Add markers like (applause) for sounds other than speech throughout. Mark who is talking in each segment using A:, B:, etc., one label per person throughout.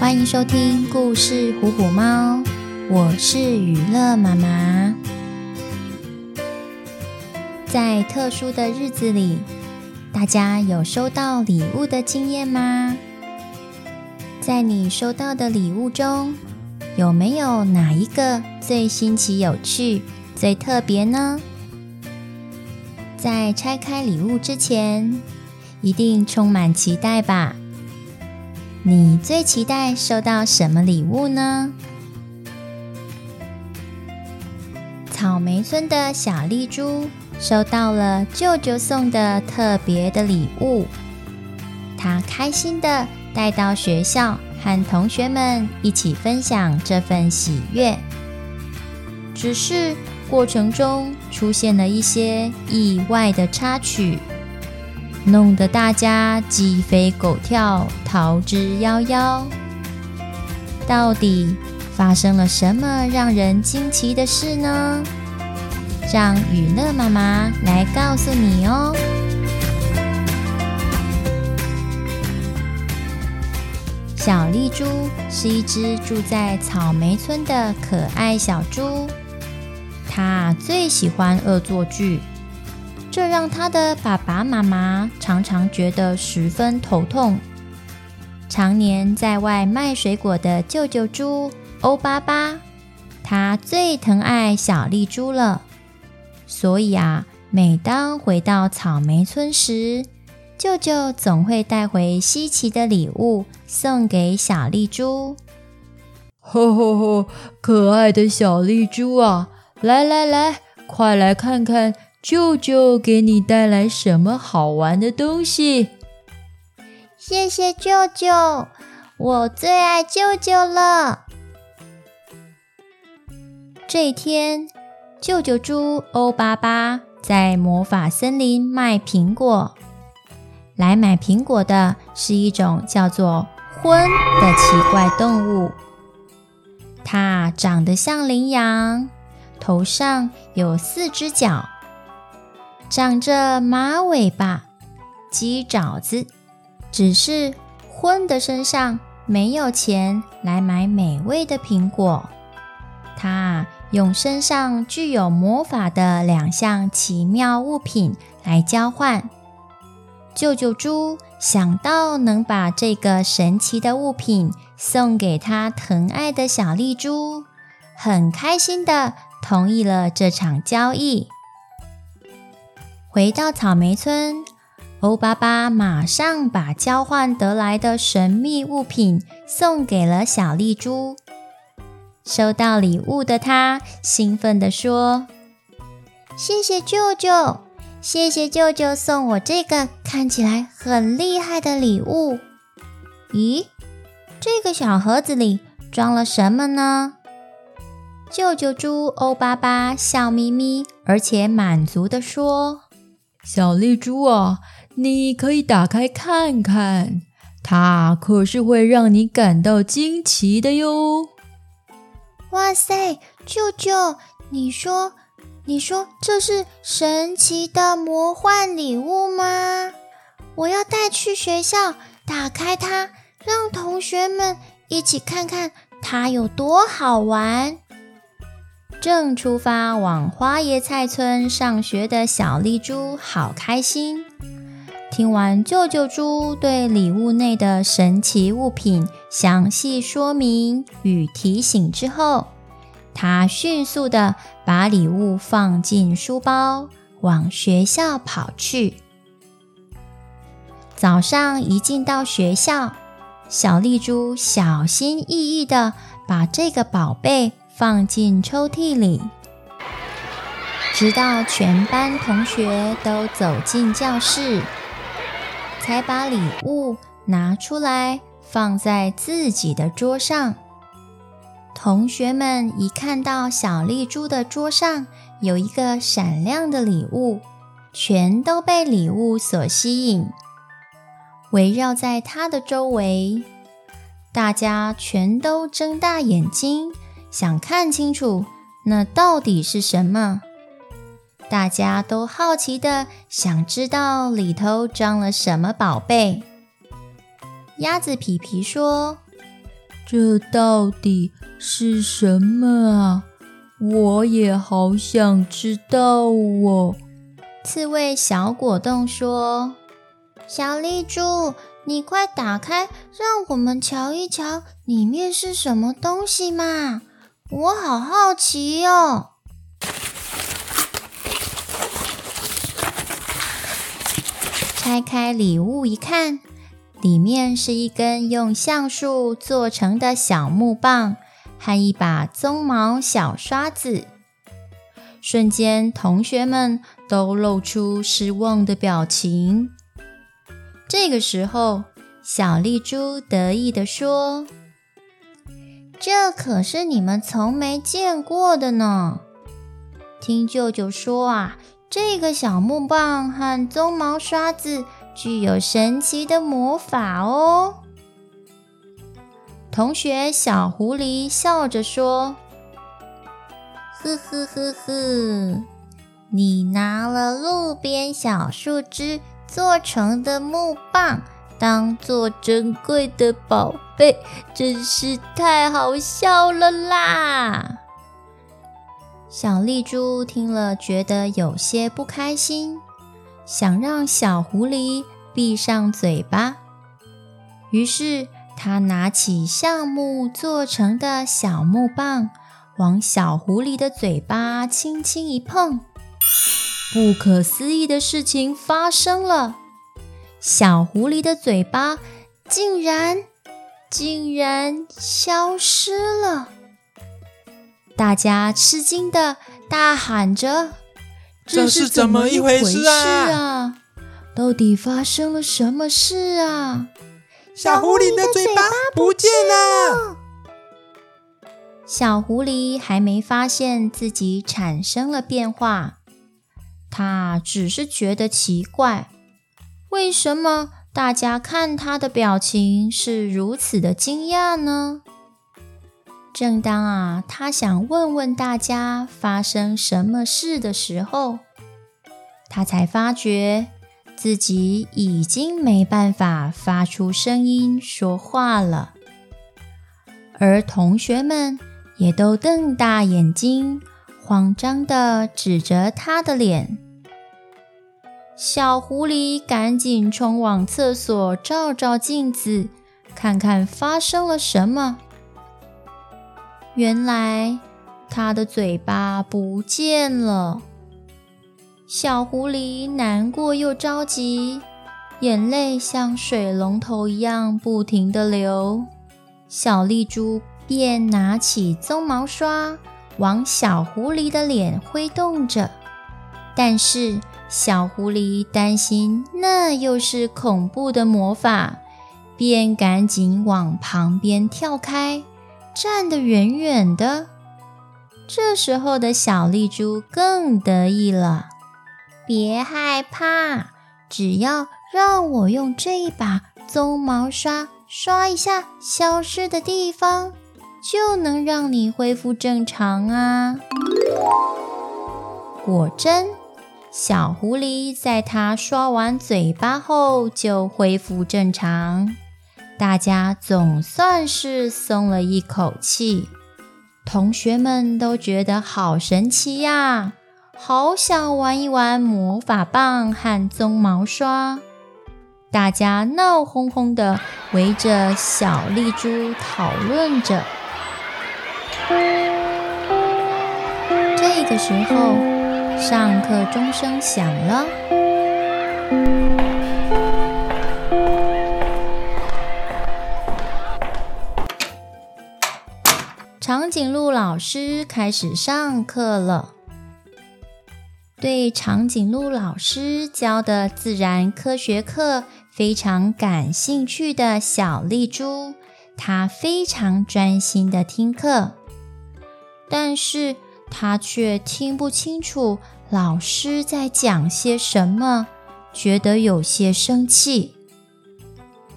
A: 歡迎收聽故事《虎虎貓》，我是娛樂媽媽。在特殊的日子裡，大家有收到禮物的經驗嗎？在你收到的禮物中，有沒有哪一個最新奇、有趣、最特別呢？在拆開禮物之前，一定充滿期待吧。你最期待收到什麼禮物呢？草莓村的小栗豬收到了舅舅送的特別的禮物，她開心地帶到學校，和同學們一起分享這份喜悅。只是過程中出現了一些意外的插曲。弄得大家雞飛狗跳、逃之夭夭。到底發生了什麼讓人驚奇的事呢？讓雨樂媽媽來告訴你哦。小栗豬是一隻住在草莓村的可愛小豬，它最喜歡惡作劇。這讓他的爸爸媽媽常常覺得十分頭痛。常年在外賣水果的舅舅豬歐巴巴，他最疼愛小栗豬了。所以啊，每當回到草莓村時，舅舅總會帶回稀奇的禮物送給小栗豬。吼吼吼！可愛的小栗豬啊，來來來，快來看看！舅舅給你帶來什麼好玩的東西？謝謝舅舅，我最愛舅舅了。這一天，舅舅豬歐巴巴在魔法森林賣蘋果。來買蘋果的是一種叫做“獾”的奇怪動物，它長得像羚羊，頭上有四隻角。長着馬尾巴、雞爪子，只是獾的身上沒有錢來買美味的蘋果。他用身上具有魔法的兩項奇妙物品來交換。舅舅豬想到能把這個神奇的物品送給他疼愛的小栗豬，很開心地同意了這場交易。回到草莓村，歐巴巴馬上把交換得來的神秘物品送給了小栗豬。收到禮物的他興奮地說：“謝謝舅舅，謝謝舅舅送我這個看起來很厲害的禮物。”咦，這個小盒子裡裝了什麼呢？舅舅豬歐巴巴笑眯眯，而且滿足地說。小栗豬啊，你可以打開看看，它可是會讓你感到驚奇的喲！哇塞，舅舅，你說，你說這是神奇的魔幻禮物嗎？我要帶去學校，打開它，讓同學們一起看看它有多好玩。正出發往花椰菜村上學的小栗豬好開心。聽完舅舅豬對禮物內的神奇物品詳細說明與提醒之後，他迅速地把禮物放進書包，往學校跑去。早上一進到學校，小栗豬小心翼翼地把這個寶貝。放進抽屜裡，直到全班同學都走進教室，才把禮物拿出來放在自己的桌上。同學們一看到小栗豬的桌上有一個閃亮的禮物，全都被禮物所吸引，圍繞在她的周圍。大家全都睜大眼睛。想看清楚，那到底是什麼？大家都好奇地想知道裡頭裝了什麼寶貝。鴨子皮皮說：“這到底是什麼啊？我也好想知道哦。”刺蝟小果凍說：“小栗豬，你快打開，讓我們瞧一瞧裡面是什麼東西嘛！”我好好奇喲、哦！拆開禮物一看，裡面是一根用橡樹做成的小木棒和一把鬃毛小刷子。瞬間，同學們都露出失望的表情。這個時候，小栗豬得意地說。這可是你們從沒見過的呢！聽舅舅說啊，這個小木棒和鬃毛刷子具有神奇的魔法哦。同學小狐狸笑着說：“呵呵呵呵，你拿了路邊小樹枝做成的木棒。”當做珍貴的寶貝，真是太好笑了啦！小栗豬聽了，覺得有些不開心，想讓小狐狸閉上嘴巴。於是，他拿起橡木做成的小木棒，往小狐狸的嘴巴輕輕一碰。不可思議的事情發生了。小狐狸的嘴巴竟然竟然消失了！大家吃驚地大喊着：“這是怎麼一回事啊？啊，到底發生了什麼事啊？”小狐狸的嘴巴不見了。小狐狸還沒發現自己產生了變化，他只是覺得奇怪。為什麼大家看他的表情是如此的驚訝呢？正當啊，他想問問大家發生什麼事的時候，他才發覺自己已經沒辦法發出聲音說話了，而同學們也都瞪大眼睛，慌張的指着他的臉。小狐狸趕緊衝往廁所，照照鏡子，看看發生了什麼。原來它的嘴巴不見了。小狐狸難過又着急，眼淚像水龍頭一樣不停地流。小栗豬便拿起鬃毛刷，往小狐狸的臉揮動着，但是。小狐狸擔心那又是恐怖的魔法，便趕緊往旁邊跳開，站得遠遠的。這時候的小栗豬更得意了：“別害怕，只要讓我用這一把鬃毛刷刷一下消失的地方，就能讓你恢復正常啊！”果真。小狐狸在它刷完嘴巴後就恢復正常，大家總算是鬆了一口氣。同學們都覺得好神奇呀、啊，好想玩一玩魔法棒和鬃毛刷。大家鬧哄哄的圍着小栗豬討論着。這個時候。上課鐘聲響了，長頸鹿老師開始上課了。對長頸鹿老師教的自然科學課非常感興趣的小栗豬，她非常專心的聽課，但是。他卻聽不清楚老師在講些什麼，覺得有些生氣。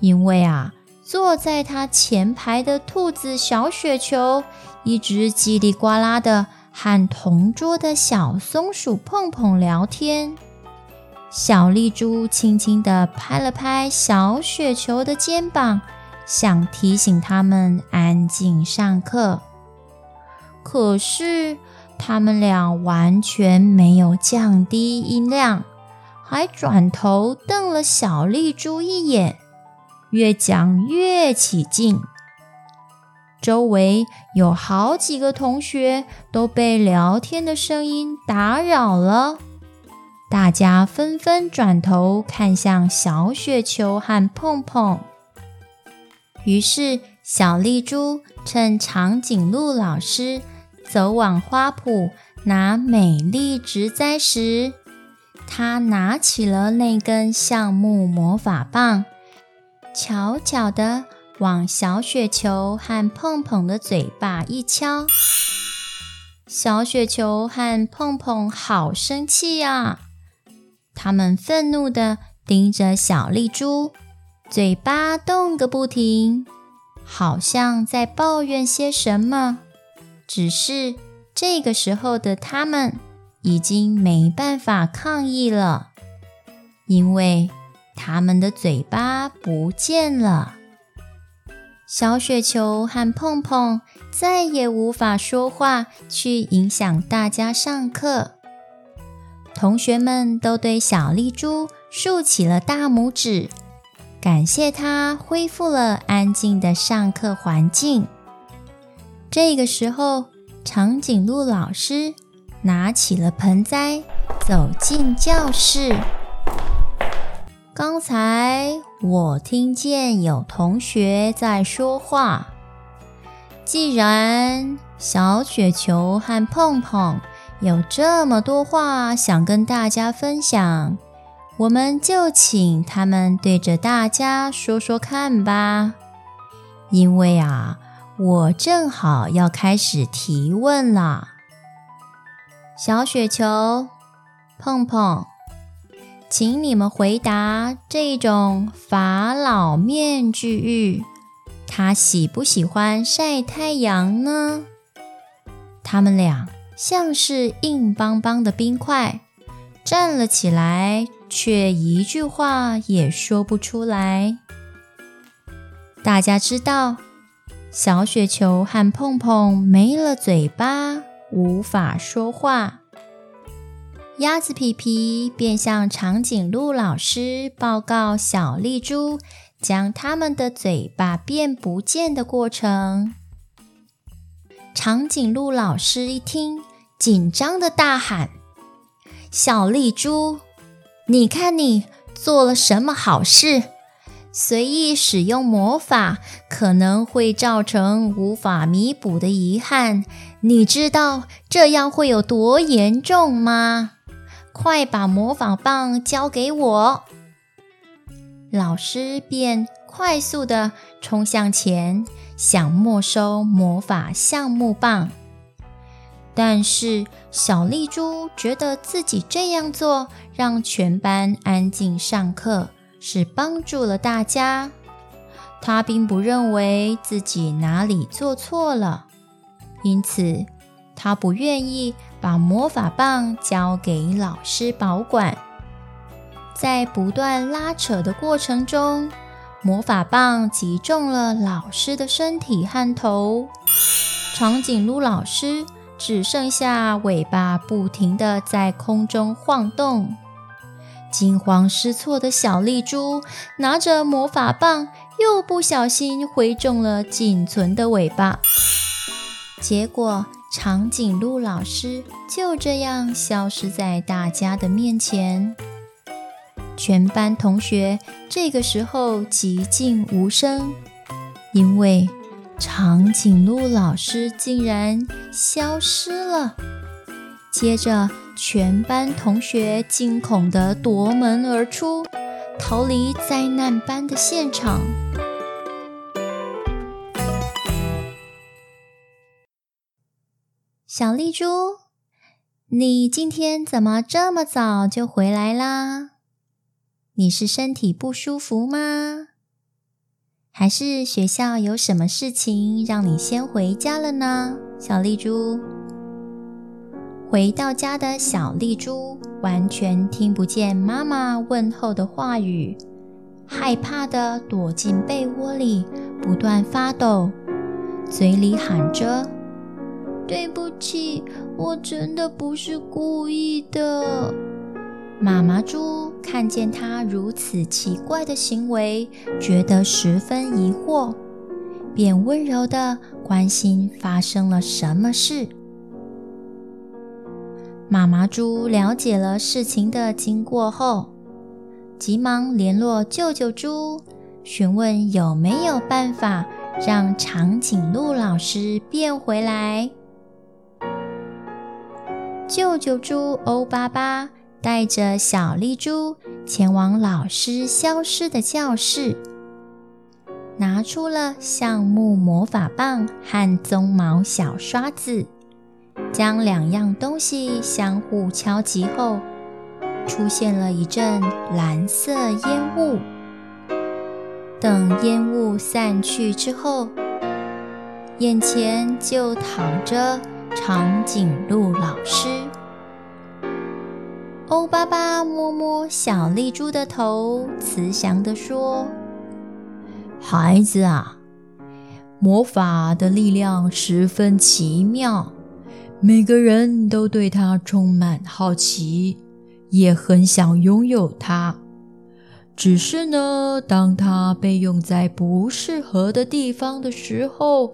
A: 因為啊，坐在他前排的兔子小雪球一直嘰里呱啦的和同桌的小松鼠碰碰聊天。小栗豬輕輕地拍了拍小雪球的肩膀，想提醒他們安靜上課。可是。他們倆完全沒有降低音量，還轉頭瞪了小栗豬一眼，越講越起勁。周圍有好幾個同學都被聊天的聲音打擾了，大家紛紛轉頭看向小雪球和碰碰。於是，小栗豬趁長頸鹿老師。走往花圃拿美麗植栽時，他拿起了那根橡木魔法棒，悄悄地往小雪球和碰碰的嘴巴一敲。小雪球和碰碰好生氣呀、啊！他們憤怒地盯着小栗豬，嘴巴動個不停，好像在抱怨些什麼。只是這個時候的他們已經沒辦法抗議了，因為他們的嘴巴不見了。小雪球和碰碰再也無法說話，去影響大家上課。同學們都對小栗豬豎起了大拇指，感謝她恢復了安靜的上課環境。這個時候，長頸鹿老師拿起了盆栽，走進教室。剛才我聽見有同學在說話。既然小雪球和碰碰有這麼多話想跟大家分享，我們就請他們對着大家說說看吧。因為啊。我正好要開始提問啦，小雪球，碰碰，請你們回答：這種法老面具玉，他喜不喜歡曬太陽呢？他們倆像是硬邦邦的冰塊，站了起來，卻一句話也說不出來。大家知道。小雪球和碰碰沒了嘴巴，無法說話。鴨子皮皮便向長頸鹿老師報告小栗豬將他們的嘴巴變不見的過程。長頸鹿老師一聽，緊張地大喊：“小栗豬，你看你做了什麼好事？”隨意使用魔法可能會造成無法彌補的遺憾，你知道這樣會有多嚴重嗎？快把魔法棒交給我！老師便快速地衝向前，想沒收魔法橡木棒，但是小栗豬覺得自己這樣做讓全班安靜上課，是幫助了大家，他並不認為自己哪裡做錯了，因此他不願意把魔法棒交給老師保管。在不斷拉扯的過程中，魔法棒擊中了老師的身體和頭，長頸鹿老師只剩下尾巴，不停的在空中晃動。驚慌失措的小栗豬拿着魔法棒，又不小心揮中了僅存的尾巴，結果長頸鹿老師就這樣消失在大家的面前。全班同學這個時候寂靜無聲，因為長頸鹿老師竟然消失了。接着。全班同學驚恐地奪門而出，逃離災難般的現場。 (noise) 小栗豬，你今天怎麼這麼早就回來啦？你是身體不舒服嗎？還是學校有什麼事情讓你先回家了呢？小栗豬。回到家的小栗豬完全聽不見媽媽問候的話語，害怕地躲進被窩裡，不斷發抖，嘴裡喊着：“對不起，我真的不是故意的。”媽媽豬看見她如此奇怪的行為，覺得十分疑惑，便溫柔地關心發生了什麼事。媽媽豬了解了事情的經過後，急忙聯絡舅舅豬，詢問有沒有辦法讓長頸鹿老師變回來。舅舅豬歐巴巴帶着小栗豬前往老師消失的教室，拿出了橡木魔法棒和鬃毛小刷子。將兩樣東西相互敲擊後，出現了一陣藍色煙霧。等煙霧散去之後，眼前就躺着長頸鹿老師。歐巴巴摸摸小栗豬的頭，慈祥地說：“孩子啊，魔法的力量十分奇妙。”每個人都對他充滿好奇，也很想擁有它。只是呢，當他被用在不適合的地方的時候，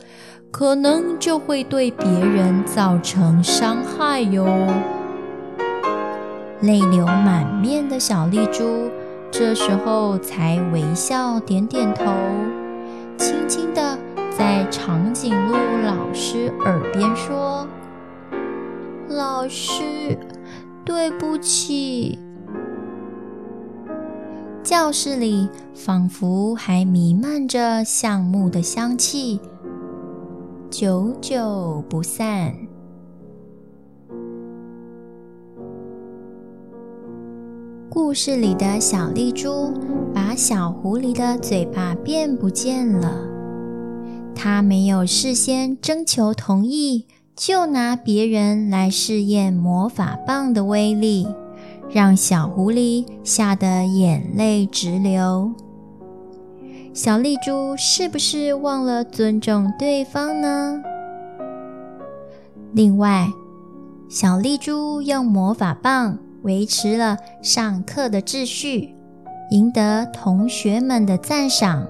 A: 可能就會對別人造成傷害喲。淚流滿面的小栗豬這時候才微笑點點頭，輕輕地在長頸鹿老師耳邊說。老師，對不起。教室裡仿佛還瀰漫着橡木的香氣，久久不散。故事裡的小栗豬把小狐狸的嘴巴變不見了，她沒有事先徵求同意。就拿別人來試驗魔法棒的威力，讓小狐狸嚇得眼淚直流。小栗豬是不是忘了尊重對方呢？另外，小栗豬用魔法棒維持了上課的秩序，贏得同學們的讚賞，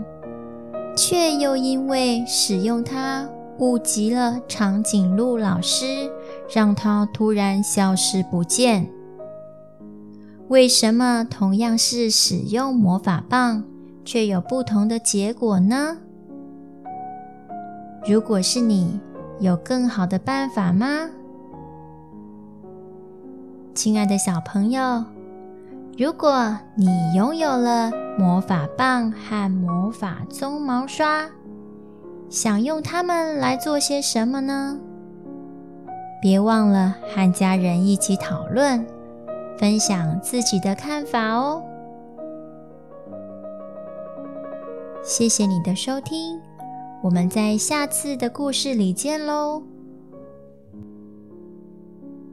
A: 卻又因為使用它。顧及了，長頸鹿老師讓它突然消失不見。為什麼同樣是使用魔法棒，卻有不同的結果呢？如果是你，有更好的辦法嗎？親愛的小朋友，如果你擁有了魔法棒和魔法鬃毛刷，想用它們來做些什麼呢？別忘了和家人一起討論，分享自己的看法哦！謝謝你的收聽，我們在下次的故事裡見嘍。